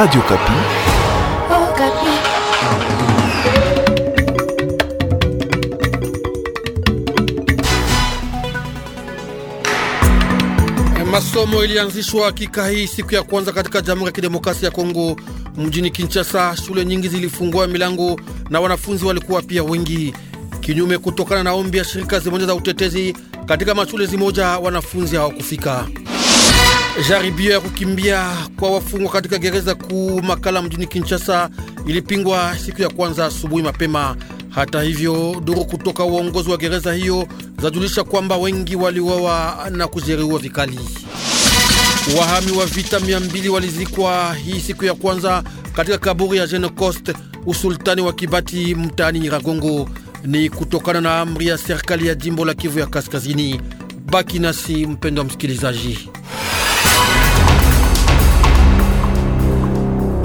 Radio Kapi. Oh, eh, Kapi. Masomo ilianzishwa hakika hii siku ya kwanza katika Jamhuri ya Kidemokrasia ya Kongo mjini Kinshasa. Shule nyingi zilifungua milango na wanafunzi walikuwa pia wengi kinyume, kutokana na ombi ya shirika zimoja za utetezi. Katika mashule zimoja wanafunzi hawakufika. Jaribio ya kukimbia kwa wafungwa katika gereza kuu Makala mjini Kinshasa ilipingwa siku ya kwanza asubuhi mapema. Hata hivyo, duru kutoka uongozi wa gereza hiyo zajulisha kwamba wengi waliuawa na kujeruhiwa vikali. Wahami wa vita mia walizikwa hii siku ya kwanza katika kaburi ya Jenocost usultani wa Kibati mtaani Nyiragongo. Ni kutokana na amri ya serikali ya jimbo la Kivu ya Kaskazini. Baki nasi mpendwa msikilizaji.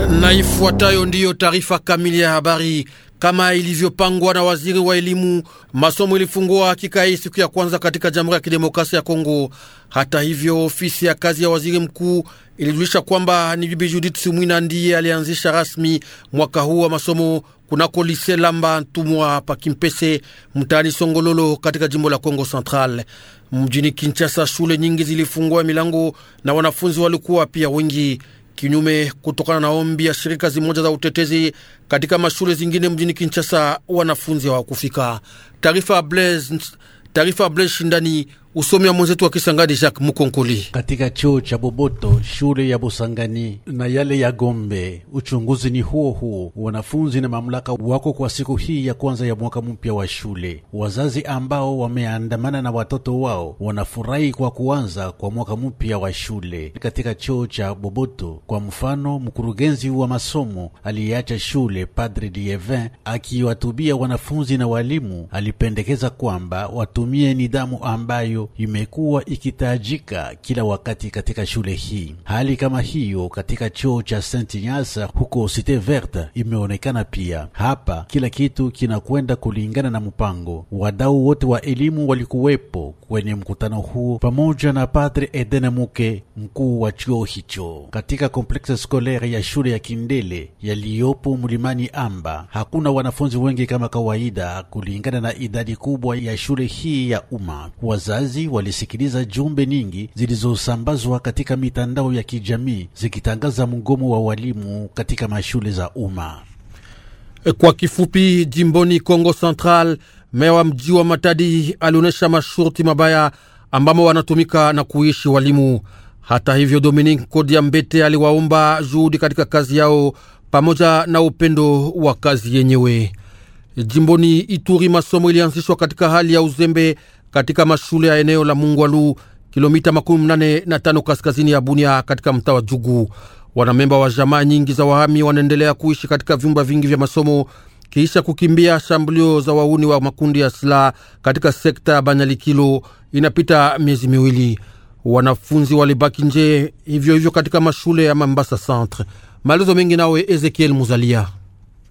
Na ifuatayo ndiyo taarifa kamili ya habari. Kama ilivyopangwa na waziri wa elimu, masomo ilifungua hakika hii siku ya kwanza katika Jamhuri ya Kidemokrasia ya Kongo. Hata hivyo, ofisi ya kazi ya waziri mkuu ilijulisha kwamba ni bibi Judith Sumwina ndiye alianzisha rasmi mwaka huu wa masomo kunako lise Lamba Ntumwa pa Kimpese mtaani Songololo katika jimbo la Kongo Central. Mjini Kinshasa, shule nyingi zilifungua milango na wanafunzi walikuwa pia wengi. Kinyume kutokana na ombi ya shirika zimoja za utetezi katika mashule zingine mjini Kinshasa, wanafunzi hawakufika. Taarifa Blaise Shindani usomi wa mwenzetu wa Kisangani Jacques Mukonkoli. Katika chuo cha Boboto, shule ya bosangani na yale ya Gombe, uchunguzi ni huo huo. Wanafunzi na mamlaka wako kwa siku hii ya kwanza ya mwaka mpya wa shule. Wazazi ambao wameandamana na watoto wao wanafurahi kwa kuanza kwa mwaka mpya wa shule katika chuo cha Boboto. Kwa mfano, mkurugenzi wa masomo aliyeacha shule Padre Dievin akiwatubia wanafunzi na walimu alipendekeza kwamba watumie nidhamu ambayo imekuwa ikitajika kila wakati katika shule hii. Hali kama hiyo katika chuo cha Saint Nyasa huko Cite Verte imeonekana pia. Hapa kila kitu kinakwenda kulingana na mpango. Wadau wote wa elimu walikuwepo kwenye mkutano huo pamoja na Padre Eden Muke, mkuu wa chuo hicho. Katika komplekse skolere ya shule ya Kindele yaliyopo mlimani Amba hakuna wanafunzi wengi kama kawaida kulingana na idadi kubwa ya shule hii ya umma. Wazazi wakazi walisikiliza jumbe nyingi zilizosambazwa katika mitandao ya kijamii zikitangaza mgomo wa walimu katika mashule za umma. Kwa kifupi, jimboni Kongo Central, meya wa mji wa Matadi alionyesha masharti mabaya ambamo wanatumika na kuishi walimu. Hata hivyo, Dominique Kodia Mbete aliwaomba juhudi katika kazi yao pamoja na upendo wa kazi yenyewe. Jimboni Ituri, masomo ilianzishwa katika hali ya uzembe katika mashule ya eneo la Mungwalu, kilomita 85 mnane kaskazini ya Bunia, katika mtaa wa Jugu. Wanamemba wa jamaa nyingi za wahami wanaendelea kuishi katika vyumba vingi vya masomo kisha kukimbia shambulio za wauni wa makundi ya silaha katika sekta ya Banyalikilo. Inapita miezi miwili, wanafunzi walibaki nje hivyo hivyo katika mashule ya Mambasa Centre. Maelezo mengi nawe Ezekiel Muzalia.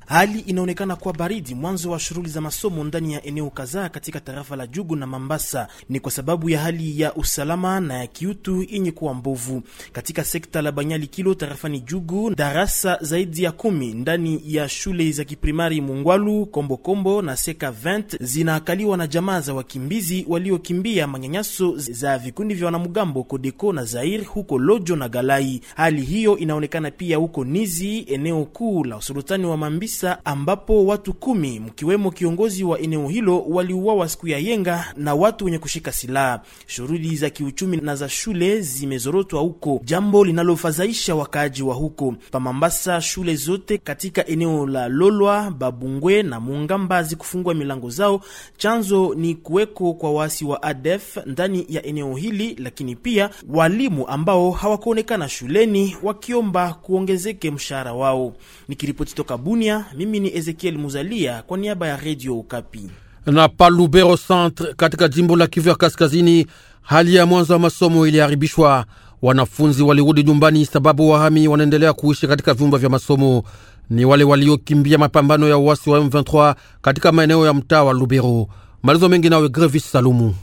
Hali inaonekana kuwa baridi mwanzo wa shughuli za masomo ndani ya eneo kadhaa katika tarafa la Jugu na Mambasa. Ni kwa sababu ya hali ya usalama na ya kiutu yenye kuwa mbovu katika sekta la Banyali Kilo tarafani Jugu. Darasa zaidi ya kumi ndani ya shule za kiprimari Mungwalu, Kombokombo Kombo na Seka 20 zinaakaliwa na jamaa za wakimbizi waliokimbia manyanyaso za vikundi vya wanamgambo Kodeko na Zair huko Lojo na Galai. Hali hiyo inaonekana pia huko Nizi, eneo kuu la usultani wa Mambisi tisa ambapo watu kumi mkiwemo kiongozi wa eneo hilo waliuawa siku ya yenga na watu wenye kushika silaha. Shughuli za kiuchumi na za shule zimezorotwa huko, jambo linalofadhaisha wakaaji wa huko Pamambasa. Shule zote katika eneo la Lolwa, Babungwe na Mungamba zikufungua milango zao. Chanzo ni kuweko kwa waasi wa ADF ndani ya eneo hili, lakini pia walimu ambao hawakuonekana shuleni wakiomba kuongezeke mshahara wao. Nikiripoti toka Bunia mimi ni Ezekiel Muzalia kwa niaba ya Redio Ukapi. Na Palubero Centre katika jimbo la Kivu ya Kaskazini, hali ya mwanzo wa masomo iliharibishwa. Wanafunzi walirudi nyumbani sababu wahami wanaendelea kuishi katika vyumba vya masomo. Ni wale waliokimbia mapambano ya uasi wa M23 katika maeneo ya mtaa wa Lubero. Malizo mengi nawe Grevis Salumu.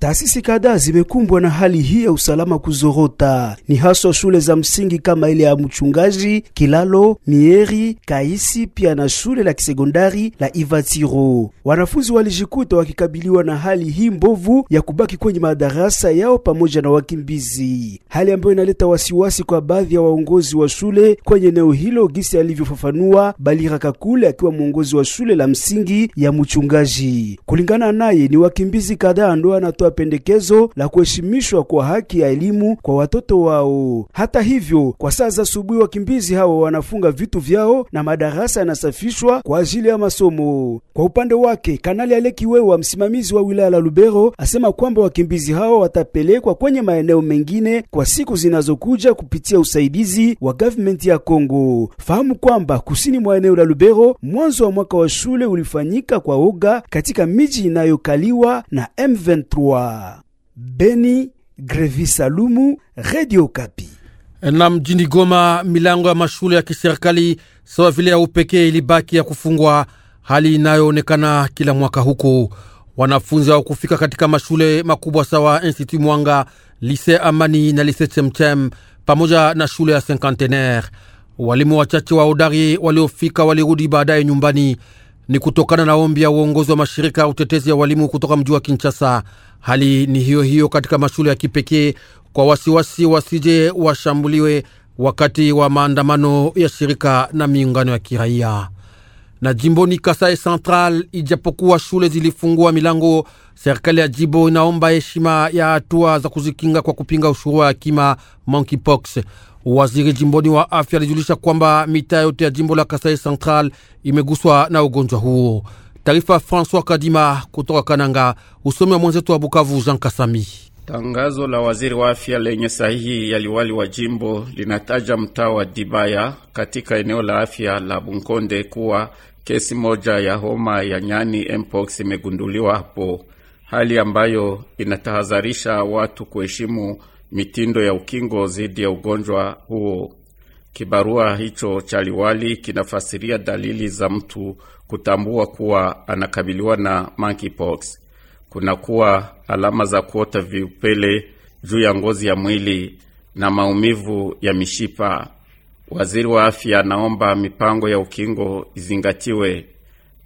Taasisi kadhaa zimekumbwa na hali hii ya usalama kuzorota, ni haswa shule za msingi kama ile ya Mchungaji, Kilalo, Mieri, Kaisi, pia na shule la kisekondari la Ivatiro. Wanafunzi walijikuta wakikabiliwa na hali hii mbovu ya kubaki kwenye madarasa yao pamoja na wakimbizi, hali ambayo inaleta wasiwasi kwa baadhi ya waongozi wa shule kwenye eneo hilo, gisi alivyofafanua Balira Kakule akiwa mwongozi wa shule la msingi ya Mchungaji. Kulingana naye, ni wakimbizi kadhaa ndio kutoa pendekezo la kuheshimishwa kwa haki ya elimu kwa watoto wao. Hata hivyo, kwa saa za asubuhi wakimbizi hao wanafunga vitu vyao na madarasa yanasafishwa kwa ajili ya masomo. Kwa upande wake, Kanali Aleki Wewa, msimamizi wa wilaya la Lubero, asema kwamba wakimbizi hao watapelekwa kwenye maeneo mengine kwa siku zinazokuja kupitia usaidizi wa gavumenti ya Kongo. Fahamu kwamba kusini mwa eneo la Lubero, mwanzo wa mwaka wa shule ulifanyika kwa oga katika miji inayokaliwa na M23 kwa Beni, Grevisalumu, Radio Kapi. Na mjini Goma, milango ya mashule ya kiserikali sawa vile ya upekee ilibaki ya kufungwa, hali inayoonekana kila mwaka huku wanafunzi wa kufika katika mashule makubwa sawa Institut Mwanga, lise Amani na Lise Chemchem pamoja na shule ya Cinquantenaire. Walimu wachache wa udari waliofika walirudi baadaye nyumbani ni kutokana na ombi ya uongozi wa mashirika ya utetezi ya walimu kutoka mji wa Kinshasa. Hali ni hiyo hiyo katika mashule ya kipekee kwa wasiwasi wasije washambuliwe wakati wa maandamano ya shirika na miungano ya kiraia na jimboni Kasai Central, ijapokuwa shule zilifungua milango, serikali ya jimbo inaomba heshima ya hatua za kuzikinga kwa kupinga ushuru wa kima monkeypox. Waziri jimboni wa afya alijulisha kwamba mitaa yote ya jimbo la Kasai Central imeguswa na ugonjwa huo. Taarifa François Kadima kutoka Kananga, usomi wa mwenzetu wa Bukavu Jean Kasami. Tangazo la waziri wa afya lenye sahihi ya liwali wa jimbo linataja mtaa wa Dibaya katika eneo la afya la Bunkonde kuwa kesi moja ya homa ya nyani mpox imegunduliwa hapo, hali ambayo inatahadharisha watu kuheshimu mitindo ya ukingo dhidi ya ugonjwa huo. Kibarua hicho cha liwali kinafasiria dalili za mtu kutambua kuwa anakabiliwa na monkeypox kunakuwa alama za kuota viupele juu ya ngozi ya mwili na maumivu ya mishipa. Waziri wa afya anaomba mipango ya ukingo izingatiwe,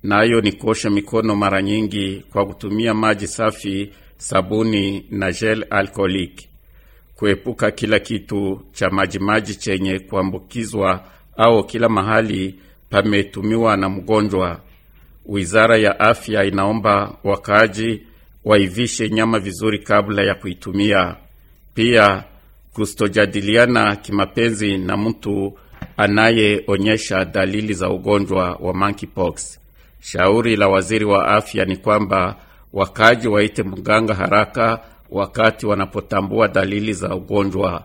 nayo na ni kuosha mikono mara nyingi kwa kutumia maji safi, sabuni na gel alcoholic, kuepuka kila kitu cha majimaji chenye kuambukizwa au kila mahali pametumiwa na mgonjwa. Wizara ya afya inaomba wakaaji waivishe nyama vizuri kabla ya kuitumia. Pia kustojadiliana kimapenzi na mtu anayeonyesha dalili za ugonjwa wa monkeypox. Shauri la waziri wa afya ni kwamba wakaji waite mganga haraka wakati wanapotambua dalili za ugonjwa.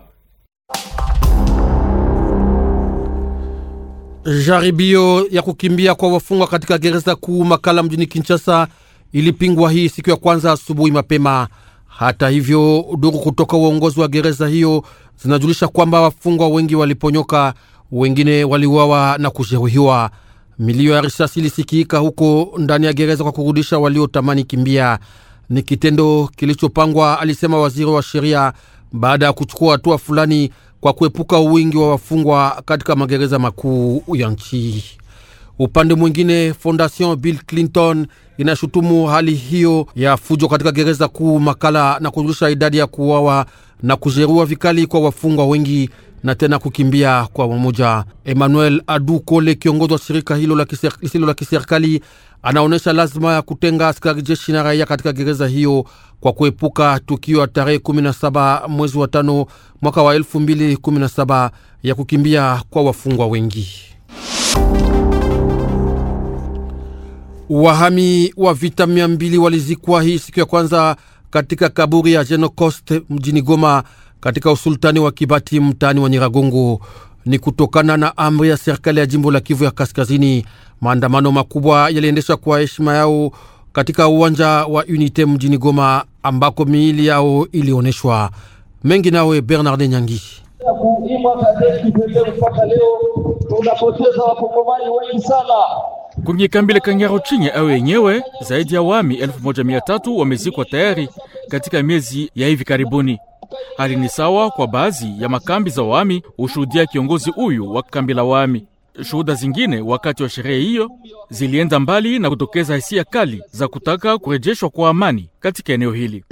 Jaribio ya kukimbia kwa wafungwa katika gereza kuu Makala mjini Kinshasa ilipingwa hii siku ya kwanza asubuhi mapema. Hata hivyo, duru kutoka uongozi wa gereza hiyo zinajulisha kwamba wafungwa wengi waliponyoka, wengine waliuawa na kujeruhiwa. Milio ya risasi ilisikiika huko ndani ya gereza kwa kurudisha waliotamani kimbia. Ni kitendo kilichopangwa, alisema waziri wa sheria, baada ya kuchukua hatua fulani kwa kuepuka wingi wa wafungwa katika magereza makuu ya nchi. Upande mwingine, Fondation Bill Clinton inashutumu hali hiyo ya fujo katika gereza kuu Makala na kuzusha idadi ya kuuawa na kujeruhiwa vikali kwa wafungwa wengi na tena kukimbia kwa wamoja. Emmanuel Adu Kole, kiongozi wa shirika hilo lisilo la kiserikali, anaonyesha lazima ya kutenga askari jeshi na raia katika gereza hiyo kwa kuepuka tukio ya tarehe 17 mwezi wa tano mwaka wa 2017 ya kukimbia kwa wafungwa wengi. Wahami wa vita mia mbili walizikwa hii siku ya kwanza katika kaburi ya Jenocost mjini Goma katika usultani wa Kibati mtaani wa Nyiragongo. Ni kutokana na amri ya serikali ya jimbo la Kivu ya Kaskazini. Maandamano makubwa yaliendeshwa kwa heshima yao katika uwanja wa Unite mjini Goma, ambako miili yao ilioneshwa. Mengi nawe Bernard Nyangi kuimwa Mpaka leo tunapoteza wakongomani wengi sana Kwenye kambi la Kangaro chini au yenyewe, zaidi ya wami 1300 wamezikwa tayari katika miezi ya hivi karibuni. Hali ni sawa kwa baadhi ya makambi za wami, hushuhudia kiongozi huyu wa kambi la wami. Shuhuda zingine wakati wa sherehe hiyo zilienda mbali na kutokeza hisia kali za kutaka kurejeshwa kwa amani katika eneo hili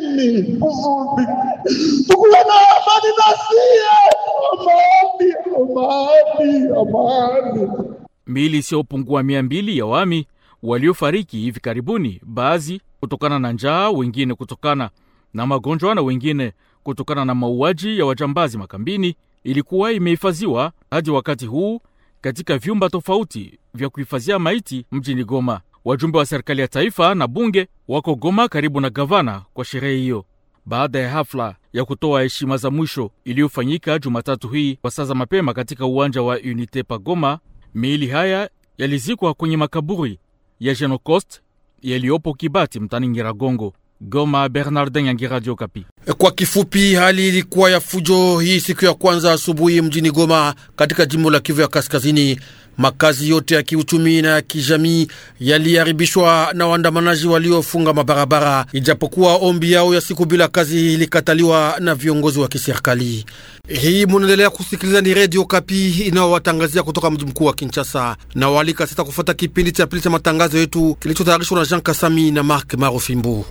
miili isiyopungua mia mbili ya wami waliofariki hivi karibuni, baadhi kutokana na njaa, wengine kutokana na magonjwa na wengine kutokana na mauaji ya wajambazi makambini, ilikuwa imehifadhiwa hadi wakati huu katika vyumba tofauti vya kuhifadhia maiti mjini Goma. Wajumbe wa serikali ya taifa na bunge wako Goma karibu na gavana kwa sherehe hiyo. Baada ya hafla ya kutoa heshima za mwisho iliyofanyika Jumatatu hii kwa saa za mapema katika uwanja wa Unite pa Goma, Miili haya yalizikwa kwenye makaburi ya Jenocost yaliyopo Kibati mtani Ngiragongo. Goma, Bernardin Yangi, Radio Kapi. E, kwa kifupi, hali ilikuwa ya fujo hii siku ya kwanza asubuhi mjini Goma katika jimbo la Kivu ya Kaskazini. Makazi yote ya kiuchumi na ya kijamii yaliharibishwa na waandamanaji waliofunga mabarabara, ijapokuwa ombi yao ya siku bila kazi ilikataliwa na viongozi wa kiserikali. Hii munaendelea kusikiliza, ni Redio Kapi inayowatangazia kutoka mji mkuu wa Kinshasa na waalika sasa kufuata kipindi cha pili cha matangazo yetu kilichotayarishwa na Jean Kasami na Mark marofimbu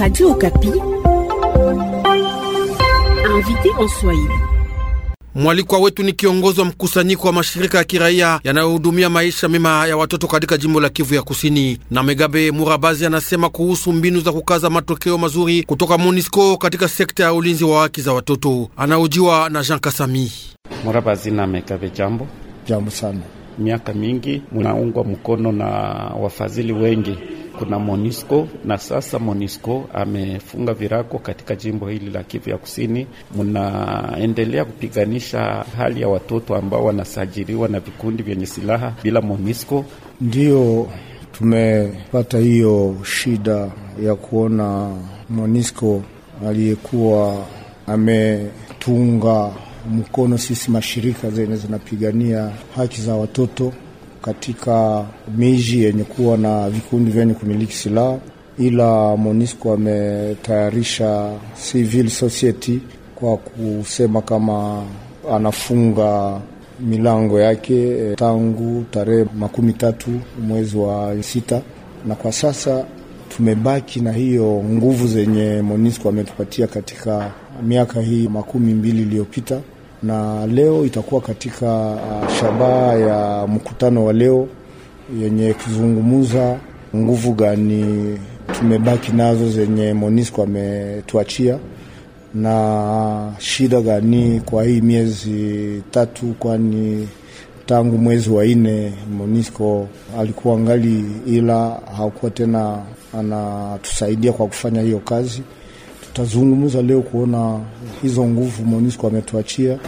Radio Okapi. Invité en Swahili. Mwalikwa wetu ni kiongozi wa mkusanyiko wa mashirika ya kiraia yanayohudumia maisha mema ya watoto katika jimbo la Kivu ya Kusini. Na Megabe Murabazi anasema kuhusu mbinu za kukaza matokeo mazuri kutoka MONUSCO katika sekta ya ulinzi wa haki za watoto. Anaojiwa na Jean Kasami. Murabazi na Megabe, jambo. Jambo sana. Miaka mingi munaungwa mkono na wafadhili wengi kuna monisco na sasa monisco amefunga virako katika jimbo hili la Kivu ya Kusini. Mnaendelea kupiganisha hali ya watoto ambao wanasajiliwa na vikundi vyenye silaha bila monisco Ndiyo tumepata hiyo shida ya kuona monisco aliyekuwa ametunga mkono sisi mashirika zenye zinapigania haki za watoto katika miji yenye kuwa na vikundi vyenye kumiliki silaha, ila MONUSCO ametayarisha civil society kwa kusema kama anafunga milango yake eh, tangu tarehe makumi tatu mwezi wa sita, na kwa sasa tumebaki na hiyo nguvu zenye MONUSCO ametupatia katika miaka hii makumi mbili iliyopita na leo itakuwa katika uh, shabaha ya mkutano wa leo yenye kuzungumuza nguvu gani tumebaki nazo zenye Monisco ametuachia na shida gani kwa hii miezi tatu, kwani tangu mwezi wa nne Monisco alikuwa ngali, ila hakuwa tena anatusaidia kwa kufanya hiyo kazi tutazungumza leo kuona hizo nguvu MONUSCO ametuachia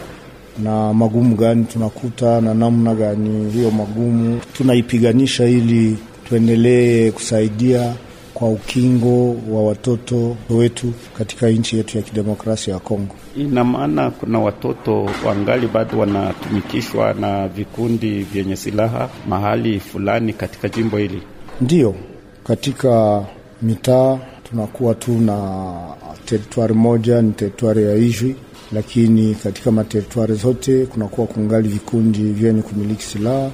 na magumu gani tunakuta na namna gani hiyo magumu tunaipiganisha ili tuendelee kusaidia kwa ukingo wa watoto wetu katika nchi yetu ya kidemokrasia ya Kongo. Ina maana kuna watoto wangali bado wanatumikishwa na vikundi vyenye silaha mahali fulani katika jimbo hili. Ndiyo, katika mitaa tunakuwa tu na teritwari moja ni teritwari ya Ijwi, lakini katika materitwari zote kunakuwa kungali vikundi vyenye kumiliki silaha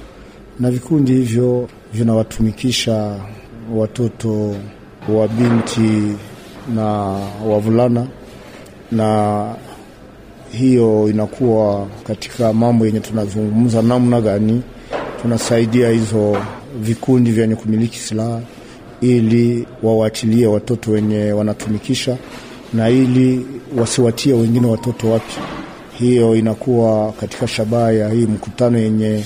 na vikundi hivyo vinawatumikisha watoto wa binti na wavulana, na hiyo inakuwa katika mambo yenye tunazungumza, namna gani tunasaidia hizo vikundi vyenye kumiliki silaha ili wawaachilie watoto wenye wanatumikisha na ili wasiwatie wengine watoto wapya. Hiyo inakuwa katika shabaha ya hii mkutano yenye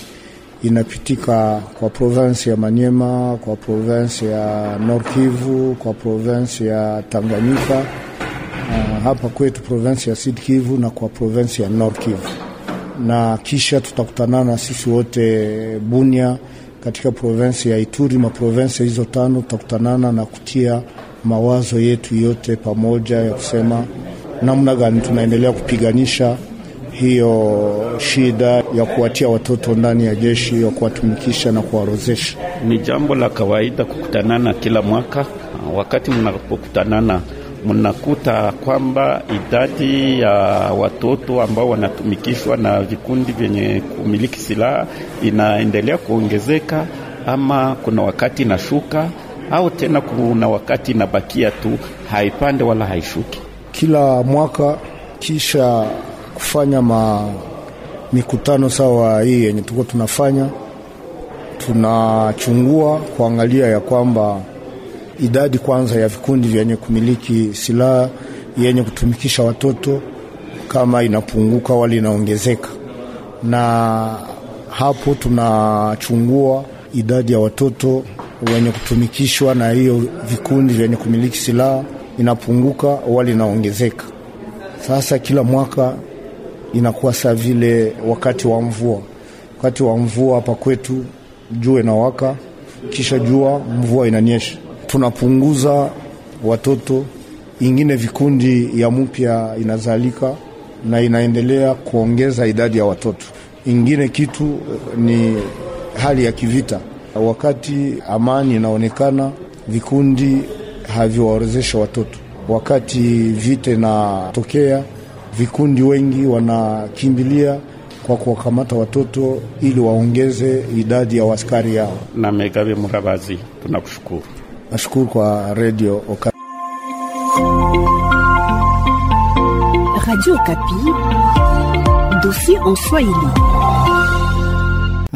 inapitika kwa provinsi ya Manyema, kwa provinsi ya norkivu Kivu, kwa provinsi ya Tanganyika, uh, hapa kwetu provinsi ya Sud Kivu na kwa provinsi ya Nord Kivu, na kisha tutakutanana na sisi wote Bunia katika provinsi ya Ituri. Maprovinsi hizo tano tutakutanana na kutia mawazo yetu yote pamoja ya kusema namna gani tunaendelea kupiganisha hiyo shida ya kuwatia watoto ndani ya jeshi ya kuwatumikisha na kuwarozesha. Ni jambo la kawaida kukutanana kila mwaka. Wakati mnapokutanana, mnakuta kwamba idadi ya watoto ambao wanatumikishwa na vikundi vyenye kumiliki silaha inaendelea kuongezeka, ama kuna wakati inashuka au tena kuna wakati inabakia tu, haipande wala haishuki. Kila mwaka kisha kufanya ma mikutano sawa hii yenye tuko tunafanya, tunachungua kuangalia ya kwamba idadi kwanza ya vikundi vyenye kumiliki silaha yenye kutumikisha watoto kama inapunguka wala inaongezeka, na hapo tunachungua idadi ya watoto wenye kutumikishwa na hiyo vikundi vyenye kumiliki silaha inapunguka wali inaongezeka Sasa kila mwaka inakuwa saa vile wakati wa mvua. Wakati wa mvua hapa kwetu jua inawaka, kisha jua mvua inanyesha, tunapunguza watoto ingine vikundi ya mpya inazalika na inaendelea kuongeza idadi ya watoto. Ingine kitu eh, ni hali ya kivita. Wakati amani inaonekana, vikundi haviwaorezesha watoto. Wakati vita inatokea, vikundi wengi wanakimbilia kwa kuwakamata watoto ili waongeze idadi ya waskari yao. na Megabe Murabazi, tunakushukuru. Nashukuru kwa Radio Okapi. Radio Okapi, dossier en Swahili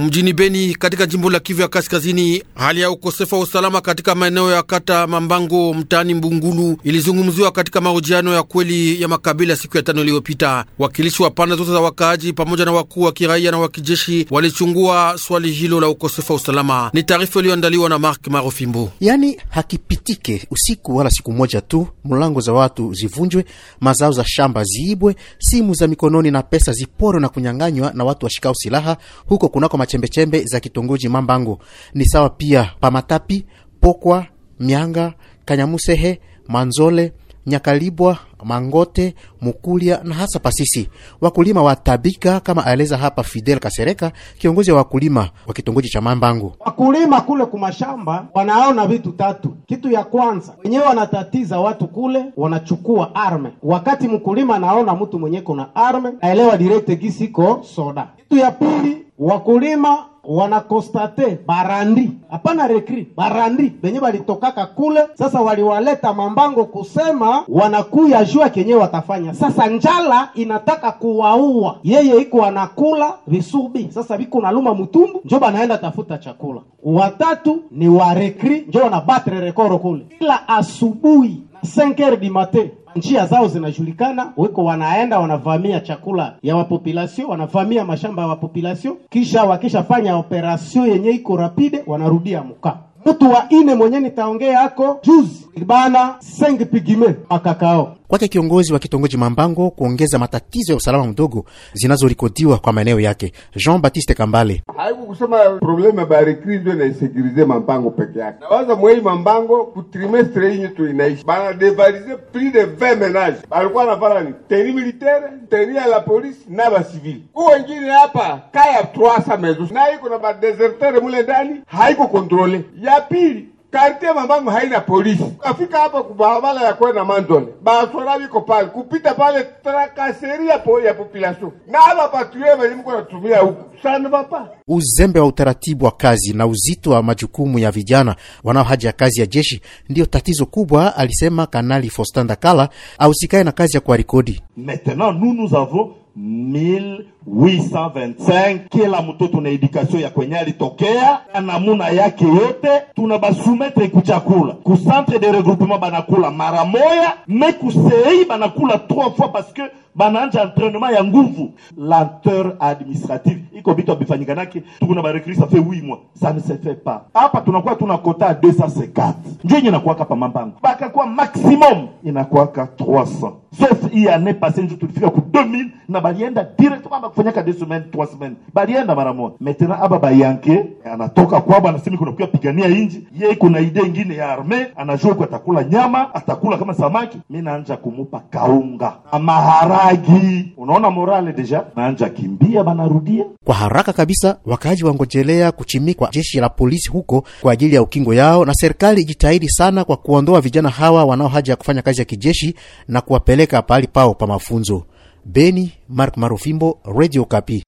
mjini Beni katika jimbo la Kivu ya Kaskazini, hali ya ukosefu wa usalama katika maeneo ya kata Mambango mtaani Mbungulu ilizungumziwa katika mahojiano ya kweli ya makabila siku ya tano iliyopita. Wakilishi wa pande zote za wakaaji pamoja na wakuu wa kiraia na wa kijeshi walichungua swali hilo la ukosefu wa usalama. Ni taarifa iliyoandaliwa na Mark Marofimbo. Yani hakipitike usiku wala siku moja tu, mlango za watu zivunjwe, mazao za shamba ziibwe, simu za mikononi na pesa ziporwe na kunyang'anywa na watu washikao silaha huko kunako chembechembe za kitongoji mambangu ni sawa pia Pamatapi, Pokwa, Mianga, Kanyamusehe, Manzole, Nyakalibwa, Mangote, Mukulia na hasa Pasisi. Wakulima watabika kama aeleza hapa Fidel Kasereka, kiongozi wa wakulima wa kitongoji cha mambangu Wakulima kule kumashamba wanaona vitu tatu. Kitu ya kwanza, wenyewe wanatatiza watu kule, wanachukua arme. Wakati mkulima anaona mtu mwenyeko na arme, naelewa direct gisiko soda. Kitu ya pili wakulima wanakonstate barandi hapana rekri barandi benye balitokaka kule, sasa waliwaleta Mambango kusema wanakuya jua kenye watafanya. Sasa njala inataka kuwaua, yeye iko anakula visubi, sasa viko naluma mtumbu, njo banaenda tafuta chakula. Watatu ni warekri njo wanabatre rekoro kule kila asubuhi 5 heures du matin njia zao zinajulikana, weko wanaenda wanavamia chakula ya wapopulasio, wanavamia mashamba ya wapopulasio, kisha wakishafanya operasio yenye iko rapide, wanarudia mkaa mtu wa ine mwenye nitaongea ako juzi ibana sengi pigime akakao kwake kiongozi wa kitongoji Mambango kuongeza matatizo ya usalama mdogo zinazorikodiwa kwa maeneo yake. Jean Baptiste Kambale haiku kusema probleme ya barekui ndio inaisekirize Mambango peke yake. Nawaza mwei Mambango ku trimestre tu inaishi bana devalize plus de 20 menage balikuwa navala ni teni militaire teni ya la polisi na basivili ku wengine hapa kaya 300 mezo na iko na badesertere mule ndani haiko kontrole ya pili Kartie mambangu haina polisi. Kafika hapa kubarabara ya kwenda Mandone, basora viko pale kupita pale trakaseria po ya population na hapa patue valimko natumia huku. sana papa. Uzembe wa utaratibu wa kazi na uzito wa majukumu ya vijana wanaohaja kazi ya jeshi ndiyo tatizo kubwa, alisema Kanali fostanda Dakala, ausikae na kazi ya kuwa rekodi. Maintenant nous nous avons mille 825 kila mtoto na edikasio ya kwenye alitokea na namuna yake yote, tuna basumetre kuchakula ku centre de regroupement banakula mara moya, me kusei banakula trois fois parce que banaanja entraînement ya nguvu. Lenteur administrative iko bitu abifanyikanaki tukuna barekrisa fe 8 mois, ça ne se fait pas. Hapa tunakuwa tuna kota 250 njo inye nakuwaka pa mambango kwa maximum inakuwaka 300 sauf hii ane njo tulifika ku 2000 na balienda kwamba kufanyaka deux semaines trois semaines, balienda mara moja. Maintenant aba bayanke anatoka kwabo, anasema kunakuya pigania inji yeye kuna idea ingine ya arme, anajua kwa atakula nyama, atakula kama samaki. Mi naanja kumupa kaunga maharagi, unaona morale deja, naanja kimbia, banarudia kwa haraka kabisa. Wakaaji wangojelea kuchimikwa jeshi la polisi huko kwa ajili ya ukingo yao, na serikali ijitahidi sana kwa kuondoa vijana hawa wanao haja ya kufanya kazi ya kijeshi na kuwapeleka pahali pao pa mafunzo. Beni, Mark Marufimbo, Radio Kapi.